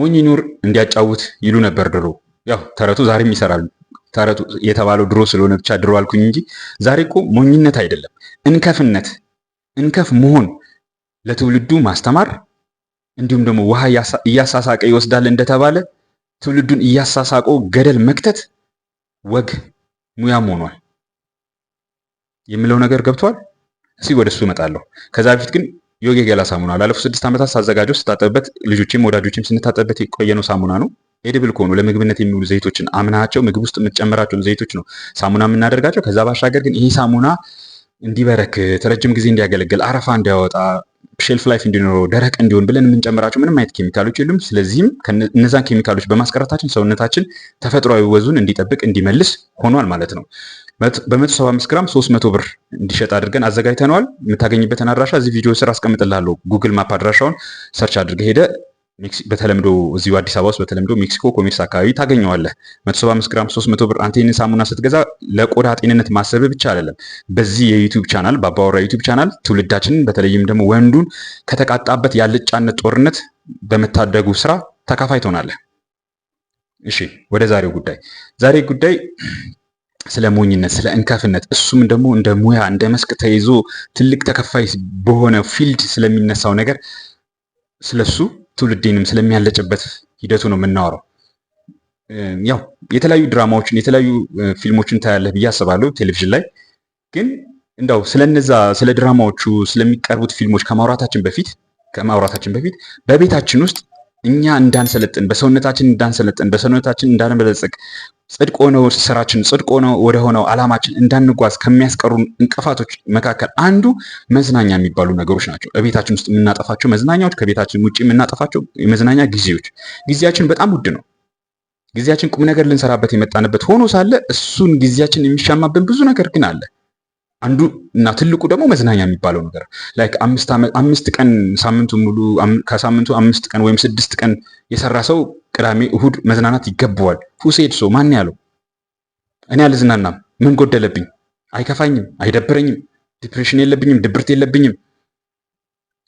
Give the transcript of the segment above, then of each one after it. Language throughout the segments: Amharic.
ሞኝ ኑር እንዲያጫውት ይሉ ነበር ድሮ። ያው ተረቱ ዛሬም ይሰራሉ። ተረቱ የተባለው ድሮ ስለሆነ ብቻ ድሮ አልኩኝ እንጂ ዛሬ እኮ ሞኝነት አይደለም እንከፍነት፣ እንከፍ መሆን ለትውልዱ ማስተማር እንዲሁም ደግሞ ውሃ እያሳሳቀ ይወስዳል እንደተባለ ትውልዱን እያሳሳቀው ገደል መክተት ወግ ሙያም ሆኗል የሚለው ነገር ገብቷል። እስኪ ወደ እሱ እመጣለሁ። ከዛ በፊት ግን ዮጊ ገላ ሳሙና ላለፉት ስድስት ዓመታት ሳዘጋጀው ስታጠብበት ልጆችም ወዳጆችም ስንታጠብበት የቆየነው ሳሙና ነው። ኤድብል ከሆኑ ለምግብነት የሚውሉ ዘይቶችን አምናቸው ምግብ ውስጥ የምትጨምራቸውን ዘይቶች ነው ሳሙና የምናደርጋቸው። ከዛ ባሻገር ግን ይሄ ሳሙና እንዲበረክት ረጅም ጊዜ እንዲያገለግል አረፋ እንዲያወጣ ሼልፍ ላይፍ እንዲኖረው ደረቅ እንዲሆን ብለን የምንጨምራቸው ምንም አይነት ኬሚካሎች የሉም። ስለዚህም እነዛን ኬሚካሎች በማስቀረታችን ሰውነታችን ተፈጥሯዊ ወዙን እንዲጠብቅ እንዲመልስ ሆኗል ማለት ነው። በ175 ግራም 300 ብር እንዲሸጥ አድርገን አዘጋጅተነዋል። የምታገኝበትን አድራሻ እዚህ ቪዲዮ ስር አስቀምጥላለሁ። ጉግል ማፕ አድራሻውን ሰርች አድርገህ ሄደ በተለምዶ እዚሁ አዲስ አበባ ውስጥ በተለምዶ ሜክሲኮ ኮሜርስ አካባቢ ታገኘዋለህ። 175 ግራም 300 ብር። አንተ ይህንን ሳሙና ስትገዛ ለቆዳ ጤንነት ማሰብ ብቻ አይደለም። በዚህ የዩቲዩብ ቻናል በአባወራ ዩቲዩብ ቻናል ትውልዳችንን በተለይም ደግሞ ወንዱን ከተቃጣበት የአልጫነት ጦርነት በመታደጉ ስራ ተካፋይ ትሆናለህ። እሺ ወደ ዛሬው ጉዳይ ዛሬ ጉዳይ ስለ ሞኝነት ስለ እንከፍነት እሱም ደግሞ እንደ ሙያ እንደ መስክ ተይዞ ትልቅ ተከፋይ በሆነ ፊልድ ስለሚነሳው ነገር ስለሱ ትውልዴንም ስለሚያለጭበት ሂደቱ ነው የምናወራው። ያው የተለያዩ ድራማዎችን የተለያዩ ፊልሞችን ታያለህ ብዬ አስባለሁ ቴሌቪዥን ላይ ግን እንዳው ስለነዛ ስለ ድራማዎቹ ስለሚቀርቡት ፊልሞች ከማውራታችን በፊት ከማውራታችን በፊት በቤታችን ውስጥ እኛ እንዳንሰለጥን በሰውነታችን እንዳንሰለጥን በሰውነታችን እንዳንበለጽግ ጽድቅ ሆነው ስራችን ጽድቅ ሆነው ወደ ሆነው ዓላማችን እንዳንጓዝ ከሚያስቀሩ እንቅፋቶች መካከል አንዱ መዝናኛ የሚባሉ ነገሮች ናቸው። በቤታችን ውስጥ የምናጠፋቸው መዝናኛዎች፣ ከቤታችን ውጭ የምናጠፋቸው የመዝናኛ ጊዜዎች። ጊዜያችን በጣም ውድ ነው። ጊዜያችን ቁም ነገር ልንሰራበት የመጣንበት ሆኖ ሳለ እሱን ጊዜያችን የሚሻማብን ብዙ ነገር ግን አለ። አንዱ እና ትልቁ ደግሞ መዝናኛ የሚባለው ነገር ላይክ አምስት ቀን ሳምንቱ ሙሉ ከሳምንቱ አምስት ቀን ወይም ስድስት ቀን የሰራ ሰው ቅዳሜ እሁድ መዝናናት ይገባዋል። ሁሴድ ሰው ማን ያለው? እኔ አልዝናናም፣ ምን ጎደለብኝ? አይከፋኝም፣ አይደብረኝም፣ ዲፕሬሽን የለብኝም፣ ድብርት የለብኝም።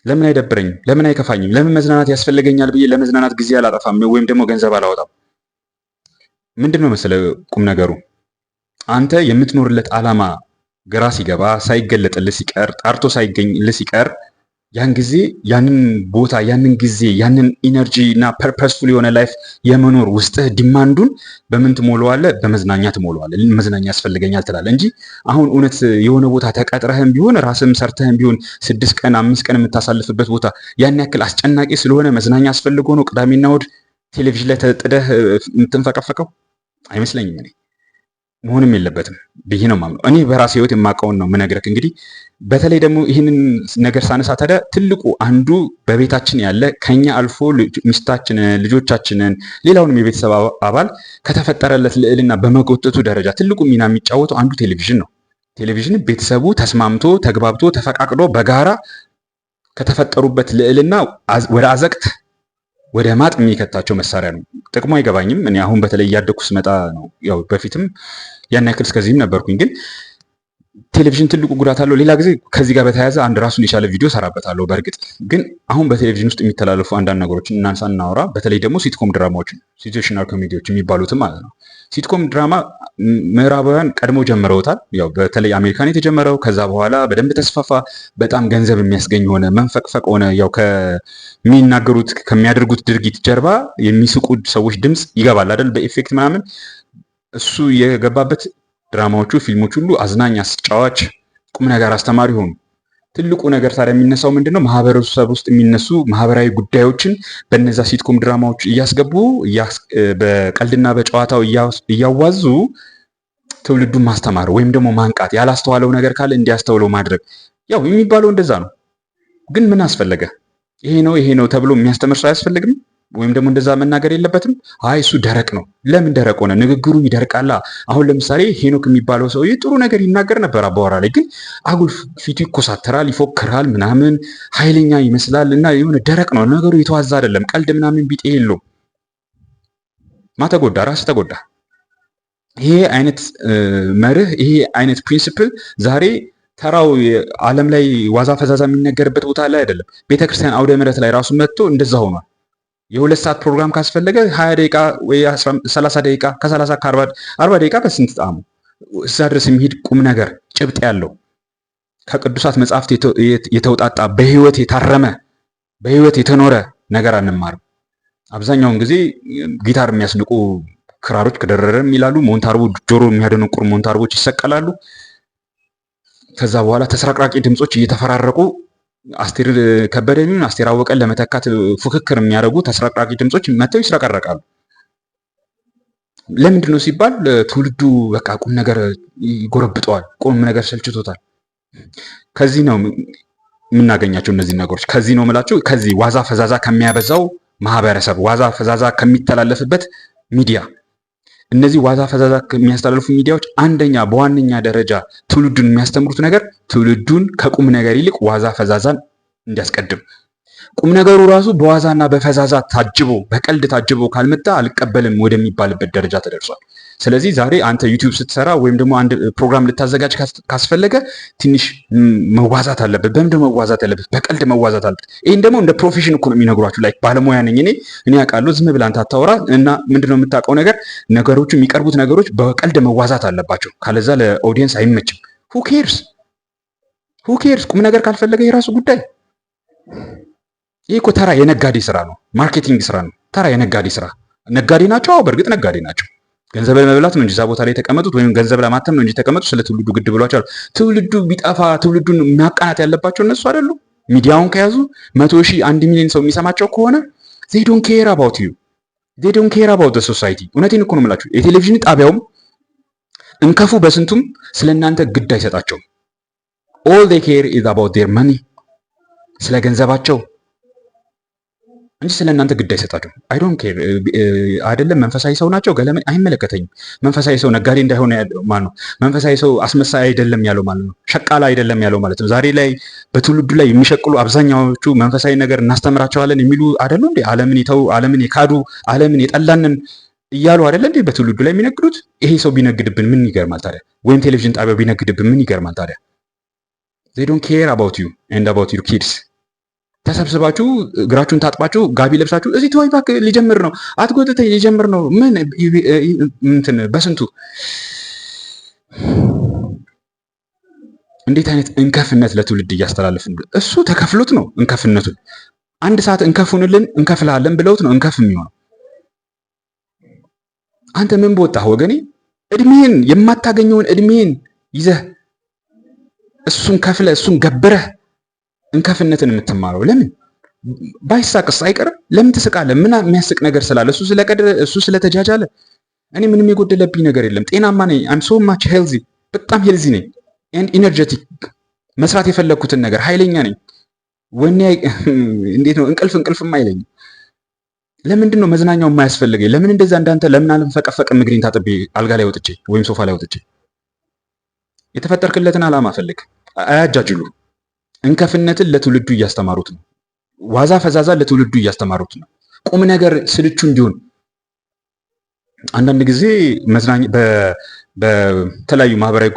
ለምን አይደብረኝም? ለምን አይከፋኝም? ለምን መዝናናት ያስፈልገኛል ብዬ ለመዝናናት ጊዜ አላጠፋም ወይም ደግሞ ገንዘብ አላወጣም። ምንድን ነው መሰለ ቁም ነገሩ አንተ የምትኖርለት ዓላማ ግራ ሲገባ ሳይገለጥልህ ሲቀር ጣርቶ ሳይገኝልህ ሲቀር ያን ጊዜ ያንን ቦታ ያንን ጊዜ ያንን ኢነርጂ እና ፐርፐስፉል የሆነ ላይፍ የመኖር ውስጥህ ዲማንዱን በምን ትሞለዋለህ? በመዝናኛ ትሞለዋለህ። መዝናኛ ያስፈልገኛል ትላለህ እንጂ አሁን እውነት የሆነ ቦታ ተቀጥረህም ቢሆን ራስህም ሰርተህም ቢሆን ስድስት ቀን አምስት ቀን የምታሳልፍበት ቦታ ያን ያክል አስጨናቂ ስለሆነ መዝናኛ አስፈልጎ ነው ቅዳሜና እሑድ ቴሌቪዥን ላይ ተጥደህ የምትንፈቀፈቀው አይመስለኝም እኔ መሆንም የለበትም ብዬ ነው የማምነው። እኔ በራሴ ህይወት የማውቀውን ነው ምነግረክ። እንግዲህ በተለይ ደግሞ ይህንን ነገር ሳነሳ ታዲያ ትልቁ አንዱ በቤታችን ያለ ከኛ አልፎ ሚስታችንን፣ ልጆቻችንን፣ ሌላውንም የቤተሰብ አባል ከተፈጠረለት ልዕልና በመቆጠቱ ደረጃ ትልቁ ሚና የሚጫወተው አንዱ ቴሌቪዥን ነው። ቴሌቪዥን ቤተሰቡ ተስማምቶ ተግባብቶ ተፈቃቅዶ በጋራ ከተፈጠሩበት ልዕልና ወደ አዘቅት ወደ ማጥ የሚከታቸው መሳሪያ ነው። ጥቅሙ አይገባኝም። እኔ አሁን በተለይ እያደግኩ ስመጣ ነው። ያው በፊትም ያን ያክል እስከዚህም ነበርኩኝ፣ ግን ቴሌቪዥን ትልቁ ጉዳት አለው። ሌላ ጊዜ ከዚህ ጋር በተያያዘ አንድ ራሱን የቻለ ቪዲዮ ሰራበታለሁ። በእርግጥ ግን አሁን በቴሌቪዥን ውስጥ የሚተላለፉ አንዳንድ ነገሮችን እናንሳ፣ እናወራ። በተለይ ደግሞ ሲትኮም ድራማዎችን ሲቹዌሽናል ኮሜዲዎች የሚባሉትም ማለት ነው ሲትኮም ድራማ ምዕራባውያን ቀድሞ ጀምረውታል። ያው በተለይ አሜሪካን የተጀመረው ከዛ በኋላ በደንብ ተስፋፋ። በጣም ገንዘብ የሚያስገኝ ሆነ፣ መንፈቅፈቅ ሆነ። ያው ከሚናገሩት ከሚያደርጉት ድርጊት ጀርባ የሚስቁ ሰዎች ድምፅ ይገባል አይደል? በኢፌክት ምናምን እሱ የገባበት ድራማዎቹ፣ ፊልሞች ሁሉ አዝናኝ፣ አስጫዋች፣ ቁም ነገር አስተማሪ ሆኑ። ትልቁ ነገር ታዲያ የሚነሳው ምንድነው? ማህበረሰብ ውስጥ የሚነሱ ማህበራዊ ጉዳዮችን በነዛ ሲትኮም ድራማዎች እያስገቡ በቀልድና በጨዋታው እያዋዙ ትውልዱን ማስተማር ወይም ደግሞ ማንቃት፣ ያላስተዋለው ነገር ካለ እንዲያስተውለው ማድረግ። ያው የሚባለው እንደዛ ነው። ግን ምን አስፈለገ? ይሄ ነው ይሄ ነው ተብሎ የሚያስተምር ስራ አያስፈልግም። ወይም ደግሞ እንደዛ መናገር የለበትም። አይ እሱ ደረቅ ነው። ለምን ደረቅ ሆነ? ንግግሩ ይደርቃላ። አሁን ለምሳሌ ሄኖክ የሚባለው ሰውዬ ጥሩ ነገር ይናገር ነበር አባወራ ላይ፣ ግን አጉል ፊቱ ይኮሳተራል፣ ይፎክራል፣ ምናምን ኃይለኛ ይመስላል እና የሆነ ደረቅ ነው ነገሩ። የተዋዛ አይደለም። ቀልድ ምናምን ቢጤ የለው። ማተጎዳ ራስ ተጎዳ። ይሄ አይነት መርህ ይሄ አይነት ፕሪንስፕል ዛሬ ተራው ዓለም ላይ ዋዛ ፈዛዛ የሚነገርበት ቦታ ላይ አይደለም። ቤተክርስቲያን አውደ ምሕረት ላይ ራሱ መጥቶ እንደዛ ሆኗል። የሁለት ሰዓት ፕሮግራም ካስፈለገ ሀያ ደቂቃ ወይ ሰላሳ ደቂቃ ከሰላሳ ከአርባ ደቂቃ በስንት ጣሙ እዛ ድረስ የሚሄድ ቁም ነገር ጭብጥ ያለው ከቅዱሳት መጽሐፍት የተውጣጣ በህይወት የታረመ በህይወት የተኖረ ነገር አንማርም። አብዛኛውን ጊዜ ጊታር የሚያስንቁ ክራሮች ከደረረም ይላሉ። ሞንታርቦ ጆሮ የሚያደነቁር ሞንታርቦች ይሰቀላሉ። ከዛ በኋላ ተስረቅራቂ ድምፆች እየተፈራረቁ አስቴር ከበደን አስቴር አወቀን ለመተካት ፉክክር የሚያደርጉ ተስረቅራቂ ድምፆች መጥተው ይስረቀረቃሉ። ለምንድን ነው ሲባል ትውልዱ በቃ ቁም ነገር ይጎረብጠዋል። ቁም ነገር ሰልችቶታል። ከዚህ ነው የምናገኛቸው እነዚህ ነገሮች። ከዚህ ነው የምላቸው ከዚህ ዋዛ ፈዛዛ ከሚያበዛው ማህበረሰብ ዋዛ ፈዛዛ ከሚተላለፍበት ሚዲያ እነዚህ ዋዛ ፈዛዛ የሚያስተላልፉ ሚዲያዎች አንደኛ በዋነኛ ደረጃ ትውልዱን የሚያስተምሩት ነገር ትውልዱን ከቁም ነገር ይልቅ ዋዛ ፈዛዛን እንዲያስቀድም ቁም ነገሩ ራሱ በዋዛና በፈዛዛ ታጅቦ በቀልድ ታጅቦ ካልመጣ አልቀበልም ወደሚባልበት ደረጃ ተደርሷል። ስለዚህ ዛሬ አንተ ዩቲዩብ ስትሰራ ወይም ደግሞ አንድ ፕሮግራም ልታዘጋጅ ካስፈለገ ትንሽ መዋዛት አለበት። በምንድ መዋዛት አለበት? በቀልድ መዋዛት አለበት። ይህን ደግሞ እንደ ፕሮፌሽን እኮ ነው የሚነግሯችሁ። ላይ ባለሙያ ነኝ እኔ እኔ ያውቃለሁ። ዝም ብለህ አንተ እና ምንድነው የምታውቀው ነገር ነገሮቹ የሚቀርቡት ነገሮች በቀልድ መዋዛት አለባቸው። ካለዛ ለኦዲየንስ አይመችም። ሁኬርስ ሁኬርስ ቁም ነገር ካልፈለገ የራሱ ጉዳይ። ይህ እኮ ተራ የነጋዴ ስራ ነው። ማርኬቲንግ ስራ ነው። ተራ የነጋዴ ስራ። ነጋዴ ናቸው። በእርግጥ ነጋዴ ናቸው። ገንዘብ ለመብላት ነው እንጂ እዛ ቦታ ላይ የተቀመጡት ወይም ገንዘብ ለማተም ነው እንጂ የተቀመጡት ስለ ትውልዱ ግድ ብሏቸዋል። ትውልዱ ቢጠፋ ትውልዱን ማቃናት ያለባቸው እነሱ አይደሉም። ሚዲያውን ከያዙ መቶ ሺህ አንድ ሚሊዮን ሰው የሚሰማቸው ከሆነ ዜዶን ኬር አባውት ዩ ዜዶን ኬር አባውት ሶሳይቲ። እውነቴን እኮ ነው የምላችሁ። የቴሌቪዥን ጣቢያውም እንከፉ በስንቱም ስለ እናንተ ግድ አይሰጣቸውም። ኦል ኬር ኢዝ አባውት ዴር መኒ ስለ ገንዘባቸው እንጂ ስለ እናንተ ግድ አይሰጣችሁም። አይ ዶንት ኬር አይደለም። መንፈሳዊ ሰው ናቸው ገለምን አይመለከተኝም። መንፈሳዊ ሰው ነጋዴ እንዳይሆነ ማለት ነው። መንፈሳዊ ሰው አስመሳይ አይደለም ያለው ማለት ነው። ሸቃላ አይደለም ያለው ማለት ነው። ዛሬ ላይ በትውልዱ ላይ የሚሸቅሉ አብዛኛዎቹ መንፈሳዊ ነገር እናስተምራቸዋለን የሚሉ አይደሉ እንዴ? ዓለምን ይተው ዓለምን የካዱ ዓለምን የጠላንን እያሉ አይደለ እንዴ በትውልዱ ላይ የሚነግዱት? ይሄ ሰው ቢነግድብን ምን ይገርማል ታዲያ? ወይም ቴሌቪዥን ጣቢያው ቢነግድብን ምን ይገርማል ታዲያ? ዶንት ኬር አባውት ዩ ኤንድ አባውት ዩር ኪድስ ተሰብስባችሁ እግራችሁን ታጥባችሁ ጋቢ ለብሳችሁ እዚህ ተወይ እባክህ ሊጀምር ነው፣ አትጎትተኝ ሊጀምር ነው። ምን እንትን በስንቱ እንዴት አይነት እንከፍነት ለትውልድ እያስተላለፍ እሱ ተከፍሎት ነው። እንከፍነቱን አንድ ሰዓት እንከፉንልን እንከፍልሃለን ብለውት ነው እንከፍ የሚሆነው። አንተ ምን በወጣህ ወገኔ? እድሜህን የማታገኘውን እድሜህን ይዘህ እሱን ከፍለህ እሱን ገብረህ እንከፍነትን የምትማረው ለምን ባይሳቅስ አይቀርም? ለምን ትስቃለህ? ምን የሚያስቅ ነገር ስላለ? እሱ ስለቀደረ እሱ ስለተጃጃለ? እኔ ምንም የጎደለብኝ ነገር የለም። ጤናማ ነኝ። አም ሶ ማች ሄልዚ፣ በጣም ሄልዚ ነኝ ኤንድ ኢነርጀቲክ፣ መስራት የፈለግኩትን ነገር ኃይለኛ ነኝ። ወኔ እንዴት ነው እንቅልፍ እንቅልፍም አይለኝም። ለምንድን ነው መዝናኛው የማያስፈልገኝ? ለምን እንደዛ እንዳንተ ለምን አልንፈቀፈቅም? እግሬን ታጥቤ አልጋ ላይ ወጥቼ ወይም ሶፋ ላይ ወጥቼ የተፈጠርክለትን አላማ ፈልግ። አያጃጅሉ እንከፍነትን ለትውልዱ እያስተማሩት ነው። ዋዛ ፈዛዛ ለትውልዱ እያስተማሩት ነው። ቁም ነገር ስልቹ እንዲሆን አንዳንድ ጊዜ መዝናኛ በተለያዩ ማህበራዊ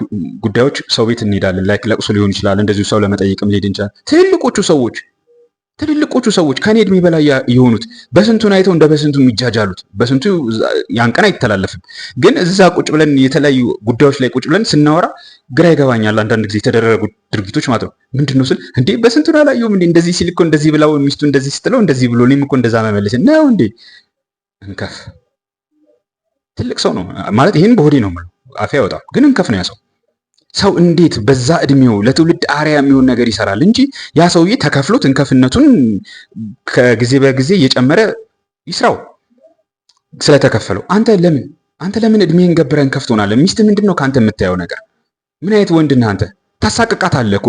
ጉዳዮች ሰው ቤት እንሄዳለን። ላይክ ለቅሶ ሊሆን ይችላል። እንደዚሁ ሰው ለመጠየቅም ሊሄድ እንችላል። ትልቆቹ ሰዎች ትልልቆቹ ሰዎች ከኔ እድሜ በላይ የሆኑት በስንቱን አይተው እንደ በስንቱ የሚጃጃሉት በስንቱ ያን ቀን አይተላለፍም። ግን እዛ ቁጭ ብለን የተለያዩ ጉዳዮች ላይ ቁጭ ብለን ስናወራ ግራ ይገባኛል። አንዳንድ ጊዜ የተደረጉ ድርጊቶች ማለት ነው። ምንድን ነው ስል እንዴ በስንቱን አላየሁም እንዴ እንደዚህ ሲል እኮ እንደዚህ ብላው ሚስቱ እንደዚህ ስትለው እንደዚህ ብሎ እኔም እኮ እንደዛ መመለስ ነው እንዴ እንከፍ ትልቅ ሰው ነው ማለት ይህን በሆዴ ነው የምለው አፌ ያወጣም፣ ግን እንከፍ ነው ያሰው ሰው እንዴት በዛ እድሜው ለትውልድ አርያ የሚሆን ነገር ይሰራል እንጂ ያ ሰውዬ ተከፍሎ ትንከፍነቱን ከጊዜ በጊዜ እየጨመረ ይስራው ስለተከፈለው። አንተ ለምን አንተ ለምን እድሜህን ገብረህን ከፍ ሚስት ምንድን ነው ከአንተ የምታየው ነገር? ምን አይነት ወንድ ነህ አንተ? ታሳቅቃታለህ እኮ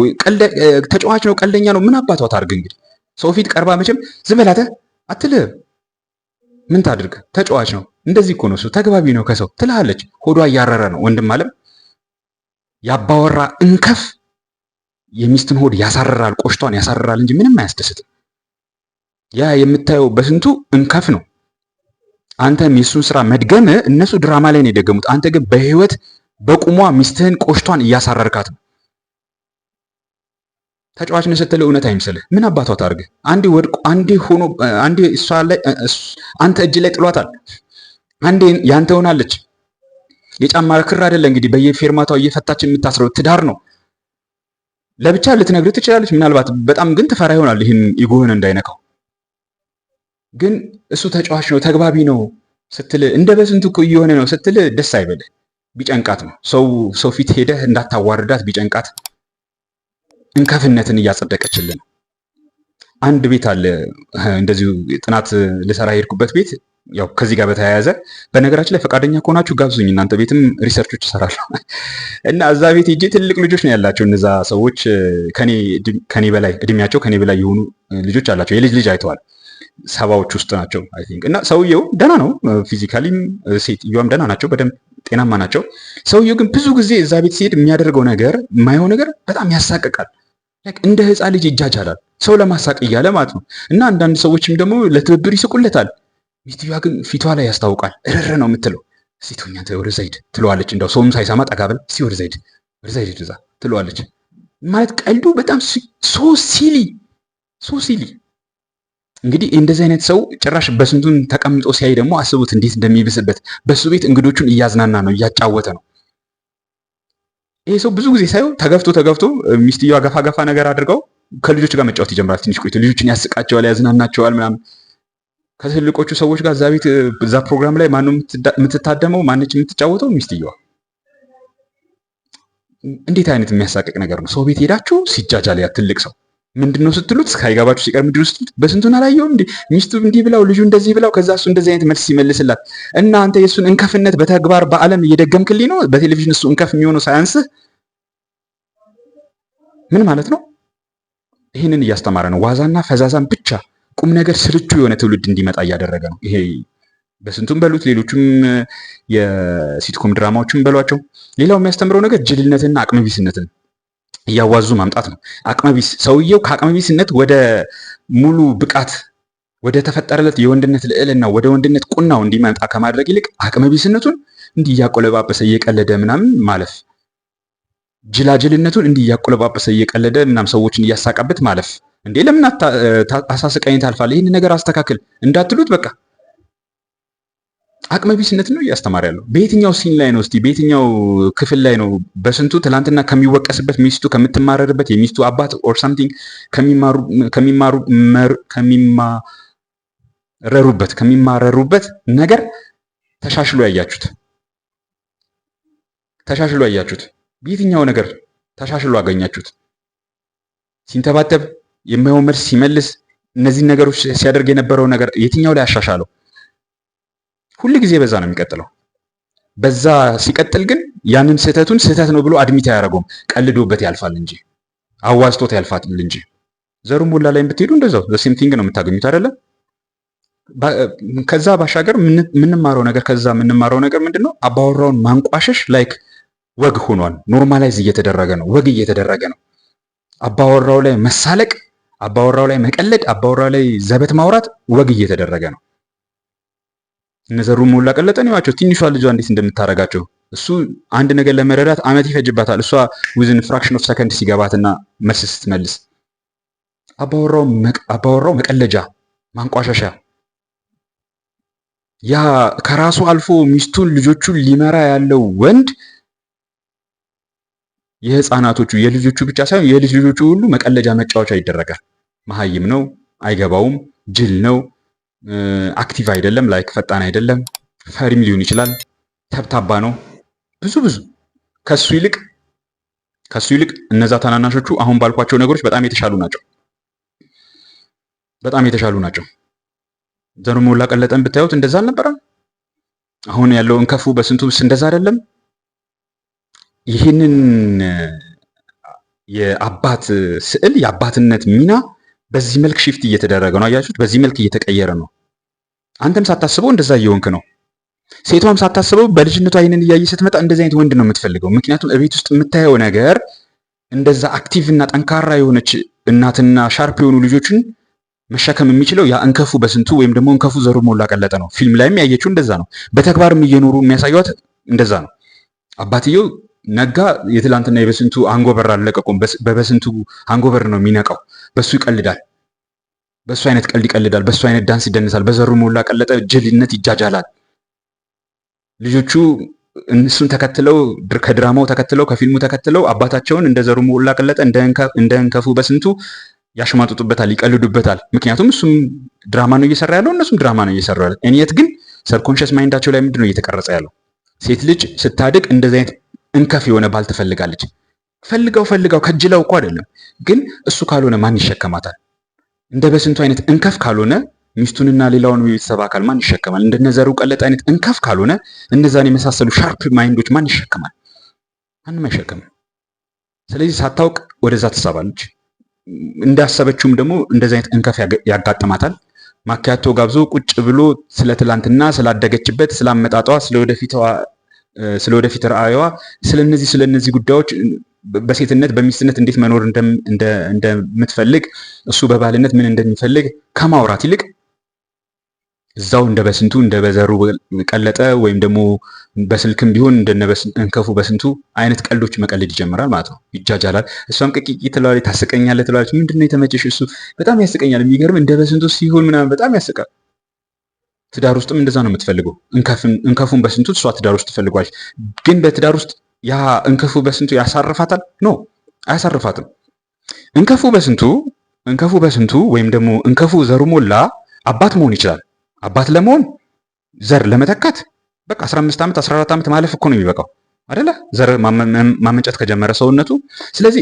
ተጫዋች ነው ቀልደኛ ነው። ምን አባቷ ታድርግ እንግዲህ ሰው ፊት ቀርባ መቼም ዝበላተ አትል ምን ታድርግ? ተጫዋች ነው እንደዚህ እኮ ነው እሱ ተግባቢ ነው ከሰው ትልሃለች። ሆዷ እያረረ ነው ወንድም አለም ያባወራ እንከፍ የሚስትን ሆድ ያሳርራል፣ ቆሽቷን ያሳርራል እንጂ ምንም አያስደስትም። ያ የምታየው በስንቱ እንከፍ ነው። አንተም የሱን ስራ መድገም እነሱ ድራማ ላይ ነው የደገሙት። አንተ ግን በህይወት በቁሟ ሚስትህን ቆሽቷን እያሳረርካት ነው። ተጫዋች ነው ስትል እውነት አይምስልህ። ምን አባቷ ታርግ? አንዴ ወድቆ አንዴ ሆኖ አንዴ እሷ ላይ አንተ እጅ ላይ ጥሏታል። አንዴ ያንተ ሆናለች። የጫማ ክር አይደለ እንግዲህ በየፌርማታው እየፈታች የምታስረው ትዳር ነው። ለብቻ ልትነግርህ ትችላለች። ምናልባት በጣም ግን ትፈራ ይሆናል ይህን ኢጎህን እንዳይነካው። ግን እሱ ተጫዋች ነው ተግባቢ ነው ስትል እንደ በስንት እኮ እየሆነ ነው ስትል ደስ አይበል። ቢጨንቃት ነው ሰው ሰው ፊት ሄደህ እንዳታዋርዳት ቢጨንቃት። እንከፍነትን እያጸደቀችልን አንድ ቤት አለ እንደዚሁ ጥናት ልሰራ ሄድኩበት ቤት ያው ከዚህ ጋር በተያያዘ በነገራችን ላይ ፈቃደኛ ከሆናችሁ ጋብዙኝ። እናንተ ቤትም ሪሰርቾች ይሰራሉ እና እዛ ቤት ሄጄ ትልቅ ልጆች ነው ያላቸው እነዛ ሰዎች ከኔ በላይ እድሜያቸው ከኔ በላይ የሆኑ ልጆች አላቸው። የልጅ ልጅ አይተዋል። ሰባዎች ውስጥ ናቸው አይ ቲንክ እና ሰውየው ደህና ነው ፊዚካሊም፣ ሴትዮዋም ደህና ናቸው፣ በደንብ ጤናማ ናቸው። ሰውየው ግን ብዙ ጊዜ እዛ ቤት ሲሄድ የሚያደርገው ነገር የማየው ነገር በጣም ያሳቅቃል። እንደ ሕፃን ልጅ ይጃጃላል ሰው ለማሳቅ እያለ ማለት ነው። እና አንዳንድ ሰዎችም ደግሞ ለትብብር ይስቁለታል። ሚስትየዋ ግን ፊቷ ላይ ያስታውቃል። እርር ነው የምትለው። ሴቶኛ ወደ እኛ ሂድ ትለዋለች። እንደው ሰውም ሳይሰማ ጠጋ ብላ ወደ ወደዛ ሂድ፣ ወደዛ ሂድ እዛ ትለዋለች። ማለት ቀልዱ በጣም ሶ ሲሊ ሶ ሲሊ። እንግዲህ እንደዚህ አይነት ሰው ጭራሽ በስንቱን ተቀምጦ ሲያይ ደግሞ አስቡት እንዴት እንደሚብስበት። በሱ ቤት እንግዶቹን እያዝናና ነው እያጫወተ ነው። ይሄ ሰው ብዙ ጊዜ ሳይሆን ተገፍቶ ተገፍቶ ሚስትዮዋ ገፋ ገፋ ነገር አድርገው ከልጆች ጋር መጫወት ይጀምራል። ትንሽ ቆይቶ ልጆችን ያስቃቸዋል፣ ያዝናናቸዋል ምናምን ከትልቆቹ ሰዎች ጋር እዛ ቤት እዛ ፕሮግራም ላይ ማነው የምትታደመው? ማነች የምትጫወተው? ሚስትየዋ። እንዴት አይነት የሚያሳቅቅ ነገር ነው! ሰው ቤት ሄዳችሁ ሲጃጃል ያ ትልቅ ሰው ምንድን ነው ስትሉት ካይገባችሁ ሲቀር ምንድን ነው ስትሉት በስንቱን አላየው እንዴ ሚስቱ እንዲህ ብላው ልጁ እንደዚህ ብላው ከዛ እሱ እንደዚህ አይነት መልስ ሲመልስላት እና አንተ የእሱን እንከፍነት በተግባር በአለም እየደገምክልኝ ነው። በቴሌቪዥን እሱ እንከፍ የሚሆነው ሳያንስህ ምን ማለት ነው? ይህንን እያስተማረ ነው። ዋዛና ፈዛዛን ብቻ ቁም ነገር ስልቹ የሆነ ትውልድ እንዲመጣ እያደረገ ነው። ይሄ በስንቱም በሉት ሌሎቹም የሲትኮም ድራማዎችም በሏቸው። ሌላው የሚያስተምረው ነገር ጅልነትና አቅመቢስነትን እያዋዙ ማምጣት ነው። አቅመቢስ ሰውየው ከአቅመቢስነት ወደ ሙሉ ብቃት ወደ ተፈጠረለት የወንድነት ልዕልና ወደ ወንድነት ቁናው እንዲመጣ ከማድረግ ይልቅ አቅመቢስነቱን እንዲህ እያቆለባበሰ እየቀለደ ምናምን ማለፍ፣ ጅላጅልነቱን እንዲህ እያቆለባበሰ እየቀለደ ምናምን ሰዎችን እያሳቀበት ማለፍ እንዴ ለምን አሳስቃኝ ታልፋለህ? ይህን ነገር አስተካክል እንዳትሉት በቃ አቅመቢስነት ነው እያስተማር ያለው። በየትኛው ሲን ላይ ነው እስቲ በየትኛው ክፍል ላይ ነው? በስንቱ ትላንትና ከሚወቀስበት ሚስቱ ከምትማረርበት የሚስቱ አባት ኦር ሳምቲንግ ከሚማረሩበት ከሚማረሩበት ነገር ተሻሽሎ ያያችሁት ተሻሽሎ ያያችሁት በየትኛው ነገር ተሻሽሎ አገኛችሁት? ሲንተባተብ የማይሆን መልስ ሲመልስ እነዚህን ነገሮች ሲያደርግ የነበረው ነገር የትኛው ላይ አሻሻለው ሁል ጊዜ በዛ ነው የሚቀጥለው። በዛ ሲቀጥል ግን ያንን ስህተቱን ስህተት ነው ብሎ አድሚት አያደርገውም። ቀልዶበት ያልፋል እንጂ አዋዝቶት ያልፋል እንጂ። ዘሩንቡላ ላይ ብትሄዱ እንደዛው ቲንግ ነው የምታገኙት አይደለም። ከዛ ባሻገር የምንማረው ነገር ከዛ የምንማረው ነገር ምንድን ነው? አባወራውን ማንቋሸሽ ላይክ ወግ ሆኗል። ኖርማላይዝ እየተደረገ ነው፣ ወግ እየተደረገ ነው። አባወራው ላይ መሳለቅ አባወራው ላይ መቀለድ፣ አባወራው ላይ ዘበት ማውራት ወግ እየተደረገ ነው። እነዘሩ ሞላ ቀለጠን ይዋቸው ትንሿ ልጇ እንዴት እንደምታረጋቸው እሱ አንድ ነገር ለመረዳት አመት ይፈጅባታል። እሷ ዊዝን ፍራክሽን ኦፍ ሰከንድ ሲገባትና መልስ ስትመልስ አባወራው መቀለጃ፣ ማንቋሻሻ ያ ከራሱ አልፎ ሚስቱን ልጆቹን ሊመራ ያለው ወንድ የህፃናቶቹ የልጆቹ ብቻ ሳይሆን የልጅ ልጆቹ ሁሉ መቀለጃ መጫወቻ ይደረጋል። መሀይም ነው፣ አይገባውም፣ ጅል ነው፣ አክቲቭ አይደለም፣ ላይክ ፈጣን አይደለም፣ ፈሪም ሊሆን ይችላል፣ ተብታባ ነው። ብዙ ብዙ ከሱ ይልቅ ከሱ ይልቅ እነዛ ታናናሾቹ አሁን ባልኳቸው ነገሮች በጣም የተሻሉ ናቸው። በጣም የተሻሉ ናቸው። ዘሩ ሞላ ቀለጠን ብታዩት እንደዛ አልነበረም። አሁን ያለው እንከፉ በስንቱ እንደዛ አይደለም። ይህንን የአባት ስዕል የአባትነት ሚና በዚህ መልክ ሽፍት እየተደረገ ነው። አያችሁት? በዚህ መልክ እየተቀየረ ነው። አንተም ሳታስበው እንደዛ እየሆንክ ነው። ሴቷም ሳታስበው በልጅነቷ ይህንን እያየ ስትመጣ እንደዚህ አይነት ወንድ ነው የምትፈልገው። ምክንያቱም እቤት ውስጥ የምታየው ነገር እንደዛ አክቲቭ እና ጠንካራ የሆነች እናትና ሻርፕ የሆኑ ልጆችን መሸከም የሚችለው ያ እንከፉ በስንቱ ወይም ደግሞ እንከፉ ዘሩ ሞላ ቀለጠ ነው። ፊልም ላይም ያየችው እንደዛ ነው። በተግባርም እየኖሩ የሚያሳዩት እንደዛ ነው። አባትየው ነጋ የትላንትና የበስንቱ አንጎበር አለቀቁም። በበስንቱ አንጎበር ነው የሚነቃው። በሱ ይቀልዳል፣ በሱ አይነት ቀልድ ይቀልዳል፣ በሱ አይነት ዳንስ ይደንሳል። በዘሩ ሞላ ቀለጠ ጅልነት ይጃጃላል። ልጆቹ እሱን ተከትለው ከድራማው ተከትለው ከፊልሙ ተከትለው አባታቸውን እንደ ዘሩ ሞላ ቀለጠ እንደ እንከፉ በስንቱ ያሽማጡጡበታል፣ ይቀልዱበታል። ምክንያቱም እሱም ድራማ ነው እየሰራ ያለው፣ እነሱም ድራማ ነው እየሰራ ያለው። እኔት ግን ሰብኮንሽስ ማይንዳቸው ላይ ምንድን ነው እየተቀረጸ ያለው? ሴት ልጅ ስታድግ እንደዚህ አይነት እንከፍ የሆነ ባል ትፈልጋለች። ፈልገው ፈልጋው ከጅለው እኮ አይደለም ግን እሱ ካልሆነ ማን ይሸከማታል? እንደ በስንቱ አይነት እንከፍ ካልሆነ ሚስቱንና ሌላውን የቤተሰብ አካል ማን ይሸከማል? እንደነ ቀለጥ አይነት እንከፍ ካልሆነ እነዛን የመሳሰሉ ሻርፕ ማይንዶች ማን ይሸከማል? ማንም አይሸከምም። ስለዚህ ሳታውቅ ወደዛ ትሳባለች። እንዳሰበችውም ደግሞ እንደዚህ አይነት እንከፍ ያጋጥማታል። ማኪያቶ ጋብዞ ቁጭ ብሎ ስለ ትላንትና ስላደገችበት ስላመጣጧ ስለወደፊቷ ስለ ወደፊት ራዕይዋ፣ ስለነዚህ ስለነዚህ ጉዳዮች በሴትነት በሚስትነት እንዴት መኖር እንደምትፈልግ እሱ በባልነት ምን እንደሚፈልግ ከማውራት ይልቅ እዛው እንደ በስንቱ እንደ በዘሩ ቀለጠ ወይም ደግሞ በስልክም ቢሆን እንደነከፉ በስንቱ አይነት ቀልዶች መቀለድ ይጀምራል ማለት ነው። ይጃጃላል። እሷም ቅቂ ትለዋለች፣ ታስቀኛለህ ትለዋለች። ምንድነው የተመቸሽ? እሱ በጣም ያስቀኛል። የሚገርም እንደ በስንቱ ሲሆን ምናምን በጣም ያስቃል። ትዳር ውስጥም እንደዛ ነው የምትፈልገው። እንከፉን በስንቱ እሷ ትዳር ውስጥ ትፈልጓለች። ግን በትዳር ውስጥ ያ እንከፉ በስንቱ ያሳርፋታል? ኖ አያሳርፋትም። እንከፉ በስንቱ እንከፉ በስንቱ ወይም ደግሞ እንከፉ ዘሩ ሞላ አባት መሆን ይችላል። አባት ለመሆን ዘር ለመተካት በቃ 15 ዓመት 14 ዓመት ማለፍ እኮ ነው የሚበቃው አደለ? ዘር ማመንጨት ከጀመረ ሰውነቱ። ስለዚህ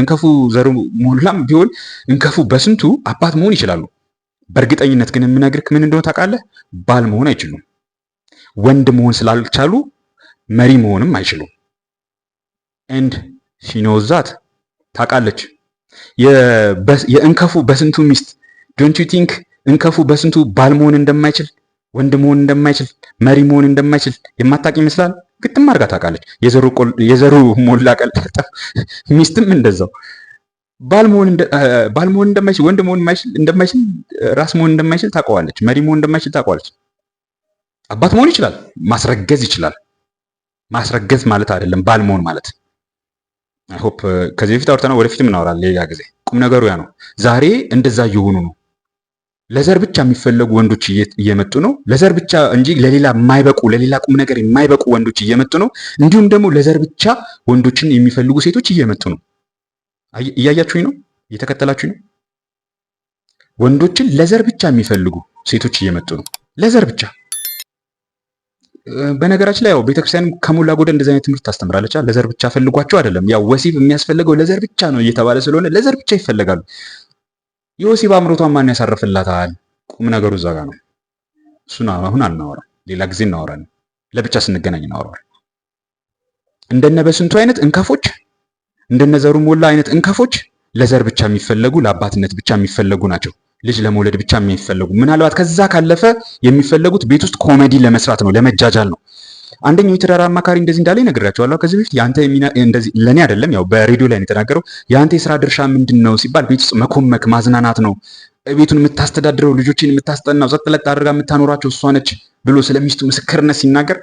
እንከፉ ዘሩ ሞላም ቢሆን እንከፉ በስንቱ አባት መሆን ይችላሉ። በእርግጠኝነት ግን የምነግርህ ምን እንደሆነ ታውቃለህ? ባል መሆን አይችሉም። ወንድ መሆን ስላልቻሉ መሪ መሆንም አይችሉም። ኤንድ ሲኖዛት ታውቃለች። የእንከፉ በስንቱ ሚስት ዶንት ዩ ቲንክ እንከፉ በስንቱ ባል መሆን እንደማይችል ወንድ መሆን እንደማይችል መሪ መሆን እንደማይችል የማታውቅ ይመስላል። ግጥም አድርጋ ታውቃለች። የዘሩ ሞላ ቀልጣፋ ሚስትም እንደዛው ባል መሆን እንደማይችል ወንድ መሆን እንደማይችል ራስ መሆን እንደማይችል ታውቀዋለች። መሪ መሆን እንደማይችል ታውቀዋለች። አባት መሆን ይችላል፣ ማስረገዝ ይችላል። ማስረገዝ ማለት አይደለም ባል መሆን ማለት። አይ ሆፕ ከዚህ በፊት አውርተናል፣ ወደፊትም እናወራለን ሌላ ጊዜ። ቁም ነገሩ ያ ነው። ዛሬ እንደዛ እየሆኑ ነው። ለዘር ብቻ የሚፈለጉ ወንዶች እየመጡ ነው። ለዘር ብቻ እንጂ ለሌላ የማይበቁ ለሌላ ቁም ነገር የማይበቁ ወንዶች እየመጡ ነው። እንዲሁም ደግሞ ለዘር ብቻ ወንዶችን የሚፈልጉ ሴቶች እየመጡ ነው። እያያችሁኝ ነው? እየተከተላችሁኝ ነው? ወንዶችን ለዘር ብቻ የሚፈልጉ ሴቶች እየመጡ ነው። ለዘር ብቻ። በነገራችን ላይ ያው ቤተክርስቲያን ከሞላ ጎደል እንደዚህ አይነት ትምህርት ታስተምራለች። ለዘር ብቻ ፈልጓቸው አይደለም፣ ያው ወሲብ የሚያስፈልገው ለዘር ብቻ ነው እየተባለ ስለሆነ ለዘር ብቻ ይፈለጋሉ። የወሲብ አምሮቷን ማን ያሳርፍላታል? ቁም ነገሩ እዛ ጋር ነው። እሱን አሁን አልናወራም፣ ሌላ ጊዜ እናወራለን። ለብቻ ስንገናኝ እናወራዋል። እንደነ በስንቱ አይነት እንከፎች እንደነዘሩ ሞላ አይነት እንከፎች ለዘር ብቻ የሚፈለጉ ለአባትነት ብቻ የሚፈለጉ ናቸው። ልጅ ለመውለድ ብቻ የሚፈለጉ ምናልባት ከዛ ካለፈ የሚፈለጉት ቤት ውስጥ ኮሜዲ ለመስራት ነው፣ ለመጃጃል ነው። አንደኛው የተዳራ አማካሪ እንደዚህ እንዳለ ይነግራቸዋለሁ። ከዚህ በፊት ያንተ የሚና እንደዚህ ለእኔ አይደለም ያው በሬዲዮ ላይ የተናገረው የአንተ የስራ ድርሻ ምንድን ነው ሲባል ቤት ውስጥ መኮመክ ማዝናናት ነው። ቤቱን የምታስተዳድረው ልጆችን የምታስጠናው ጸጥ ለጥ አድርጋ የምታኖራቸው እሷ ነች ብሎ ስለሚስቱ ምስክርነት ሲናገር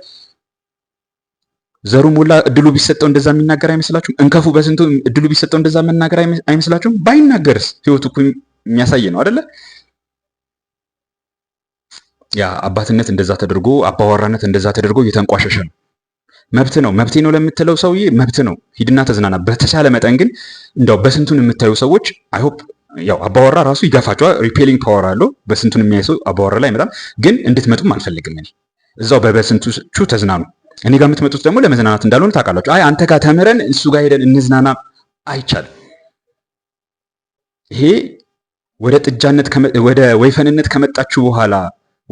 ዘሩ ሞላ እድሉ ቢሰጠው እንደዛ የሚናገር አይመስላችሁም? እንከፉ በስንቱ እድሉ ቢሰጠው እንደዛ መናገር አይመስላችሁም? ባይናገርስ ህይወቱ እኮ የሚያሳይ ነው አደለ? ያ አባትነት እንደዛ ተደርጎ አባወራነት እንደዛ ተደርጎ እየተንቋሸሸ ነው። መብት ነው መብቴ ነው ለምትለው ሰውዬ መብት ነው፣ ሂድና ተዝናና። በተቻለ መጠን ግን እንዲያው በስንቱን የምታዩ ሰዎች አይሆፕ ያው አባወራ ራሱ ይጋፋቸዋል። ሪፔሊንግ ፓወር አለው። በስንቱን የሚያይ ሰው አባወራ ላይ በጣም ግን እንድትመጡም አልፈልግም እኔ። እዛው ቹ ተዝናኑ። እኔ ጋር የምትመጡት ደግሞ ለመዝናናት እንዳልሆነ ታውቃላችሁ። አይ አንተ ጋር ተምረን እሱ ጋር ሄደን እንዝናና አይቻልም። ይሄ ወደ ጥጃነት ወደ ወይፈንነት ከመጣችሁ በኋላ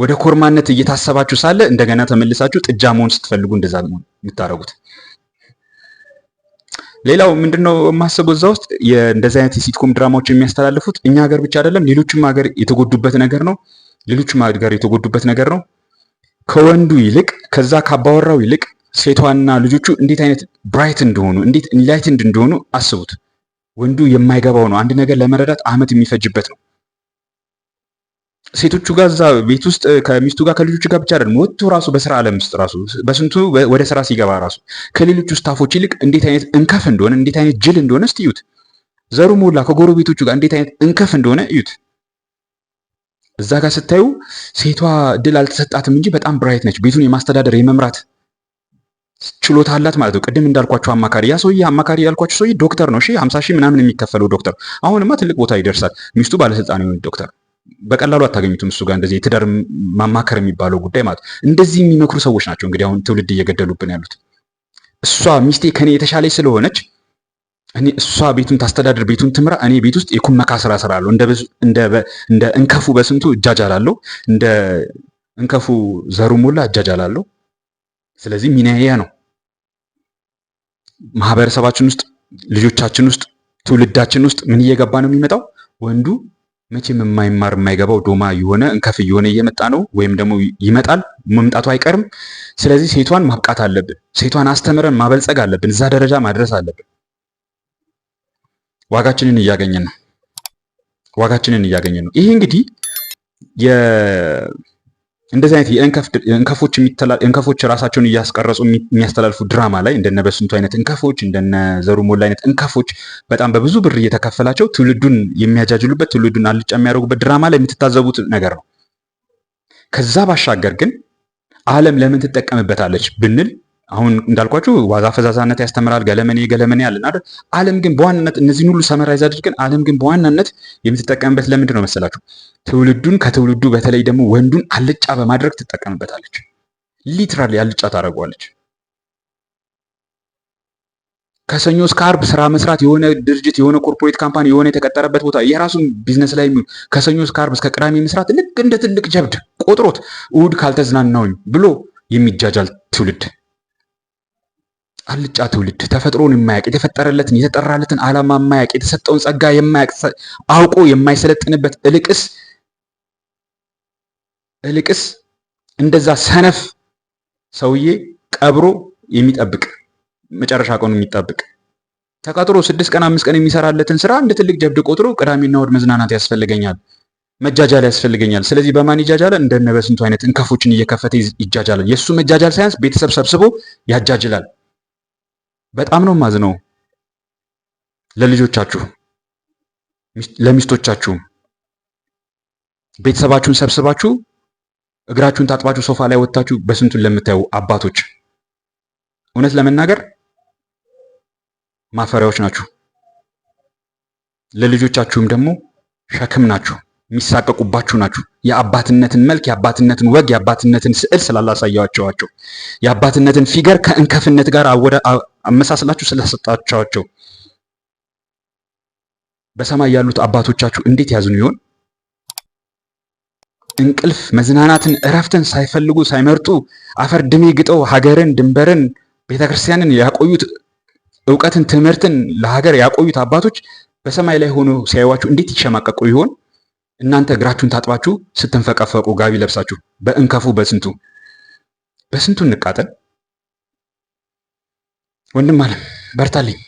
ወደ ኮርማነት እየታሰባችሁ ሳለ እንደገና ተመልሳችሁ ጥጃ መሆን ስትፈልጉ እንደዛ የምታደርጉት። ሌላው ምንድነው የማስበው እዛ ውስጥ እንደዚህ አይነት የሲትኮም ድራማዎች የሚያስተላልፉት እኛ ሀገር ብቻ አይደለም፣ ሌሎችም ሀገር የተጎዱበት ነገር ነው። ሌሎችም ሀገር የተጎዱበት ነገር ነው። ከወንዱ ይልቅ ከዛ ካባወራው ይልቅ ሴቷና ልጆቹ እንዴት አይነት ብራይት እንደሆኑ እንዴት ኢንላይትንድ እንደሆኑ አስቡት። ወንዱ የማይገባው ነው። አንድ ነገር ለመረዳት አመት የሚፈጅበት ነው። ሴቶቹ ጋር እዛ ቤት ውስጥ ከሚስቱ ጋር ከልጆቹ ጋር ብቻ አይደለም፣ ወጥቶ ራሱ በስራ ዓለም ውስጥ ራሱ በስንቱ ወደ ስራ ሲገባ ራሱ ከሌሎቹ ስታፎች ይልቅ እንዴት አይነት እንከፍ እንደሆነ እንዴት አይነት ጅል እንደሆነ እስቲ እዩት። ዘሩ ሞላ ከጎረቤቶቹ ጋር እንዴት አይነት እንከፍ እንደሆነ እዩት። እዛ ጋር ስታዩ ሴቷ እድል አልተሰጣትም እንጂ በጣም ብራይት ነች። ቤቱን የማስተዳደር የመምራት ችሎታ አላት ማለት ነው። ቅድም እንዳልኳቸው አማካሪ ያ ሰውዬ አማካሪ ያልኳቸው ሰውዬ ዶክተር ነው። እሺ ሀምሳ ሺህ ምናምን የሚከፈለው ዶክተር አሁንማ ትልቅ ቦታ ይደርሳል። ሚስቱ ባለስልጣን የሆነ ዶክተር በቀላሉ አታገኙትም። እሱ ጋር እንደዚህ የትዳር ማማከር የሚባለው ጉዳይ ማለት እንደዚህ የሚመክሩ ሰዎች ናቸው እንግዲህ አሁን ትውልድ እየገደሉብን ያሉት። እሷ ሚስቴ ከኔ የተሻለች ስለሆነች እኔ እሷ ቤቱን ታስተዳድር ቤቱን ትምራ፣ እኔ ቤት ውስጥ የኩመካ ስራ እሰራለሁ። እንደ እንከፉ በስንቱ እጃጃላለሁ፣ እንደ እንከፉ ዘሩ ሞላ እጃጃላለሁ። ስለዚህ ሚናያ ነው። ማህበረሰባችን ውስጥ፣ ልጆቻችን ውስጥ፣ ትውልዳችን ውስጥ ምን እየገባ ነው የሚመጣው? ወንዱ መቼም የማይማር የማይገባው ዶማ የሆነ እንከፍ እየሆነ እየመጣ ነው፣ ወይም ደግሞ ይመጣል፣ መምጣቱ አይቀርም። ስለዚህ ሴቷን ማብቃት አለብን። ሴቷን አስተምረን ማበልጸግ አለብን። እዛ ደረጃ ማድረስ አለብን። ዋጋችንን እያገኘን ነው። ዋጋችንን እያገኘን ነው። ይሄ እንግዲህ እንደዚህ አይነት የእንከፎች እንከፎች ራሳቸውን እያስቀረጹ የሚያስተላልፉ ድራማ ላይ እንደነ በስንቱ አይነት እንከፎች እንደነ ዘሩ ሞላ አይነት እንከፎች በጣም በብዙ ብር እየተከፈላቸው ትውልዱን የሚያጃጅሉበት ትውልዱን አልጫ የሚያደርጉበት ድራማ ላይ የምትታዘቡት ነገር ነው። ከዛ ባሻገር ግን ዓለም ለምን ትጠቀምበታለች ብንል አሁን እንዳልኳችሁ ዋዛ ፈዛዛነት ያስተምራል ገለመኔ ገለመኔ አለን አይደል? ዓለም ግን በዋናነት እነዚህን ሁሉ ሰመራይዝ አድርገን ዓለም ግን በዋናነት የምትጠቀምበት ለምንድን ነው መሰላችሁ? ትውልዱን ከትውልዱ በተለይ ደግሞ ወንዱን አልጫ በማድረግ ትጠቀምበታለች። ሊትራሊ አልጫ ታደርገዋለች። ከሰኞ እስከ አርብ ስራ መስራት፣ የሆነ ድርጅት፣ የሆነ ኮርፖሬት ካምፓኒ፣ የሆነ የተቀጠረበት ቦታ የራሱን ቢዝነስ ላይ የሚሆን ከሰኞ እስከ አርብ እስከ ቅዳሜ መስራት ልክ እንደ ትልቅ ጀብድ ቆጥሮት እሑድ ካልተዝናናውኝ ብሎ የሚጃጃል ትውልድ አልጫ ትውልድ ተፈጥሮን የማያውቅ የተፈጠረለትን የተጠራለትን ዓላማ የማያውቅ የተሰጠውን ጸጋ የማያውቅ አውቆ የማይሰለጥንበት እልቅስ እልቅስ እንደዛ ሰነፍ ሰውዬ ቀብሮ የሚጠብቅ መጨረሻ ቀኑ የሚጠብቅ ተቀጥሮ ስድስት ቀን አምስት ቀን የሚሰራለትን ስራ እንደ ትልቅ ጀብድ ቆጥሮ ቅዳሜና እሑድ መዝናናት ያስፈልገኛል፣ መጃጃል ያስፈልገኛል። ስለዚህ በማን ይጃጃል እንደነ በስንቱ አይነት እንከፎችን እየከፈተ ይጃጃላል። የእሱ መጃጃል ሳያንስ ቤተሰብ ሰብስቦ ያጃጅላል። በጣም ነው ማዝነው ለልጆቻችሁ፣ ለሚስቶቻችሁም። ቤተሰባችሁን ሰብስባችሁ እግራችሁን ታጥባችሁ ሶፋ ላይ ወጥታችሁ በስንቱን ለምታዩ አባቶች እውነት ለመናገር ማፈሪያዎች ናችሁ። ለልጆቻችሁም ደግሞ ሸክም ናችሁ። የሚሳቀቁባችሁ ናችሁ። የአባትነትን መልክ፣ የአባትነትን ወግ፣ የአባትነትን ስዕል ስላላሳያቸዋቸው የአባትነትን ፊገር ከእንከፍነት ጋር አመሳስላችሁ ስለሰጣቸዋቸው በሰማይ ያሉት አባቶቻችሁ እንዴት ያዝኑ ይሆን? እንቅልፍ መዝናናትን፣ እረፍትን ሳይፈልጉ ሳይመርጡ አፈር ድሜ ግጠው ሀገርን፣ ድንበርን፣ ቤተክርስቲያንን ያቆዩት እውቀትን፣ ትምህርትን ለሀገር ያቆዩት አባቶች በሰማይ ላይ ሆኖ ሲያዩዋችሁ እንዴት ይሸማቀቁ ይሆን? እናንተ እግራችሁን ታጥባችሁ ስትንፈቀፈቁ ጋቢ ለብሳችሁ በእንከፉ በስንቱ በስንቱ እንቃጠል። ወንድም አለም በርታልኝ።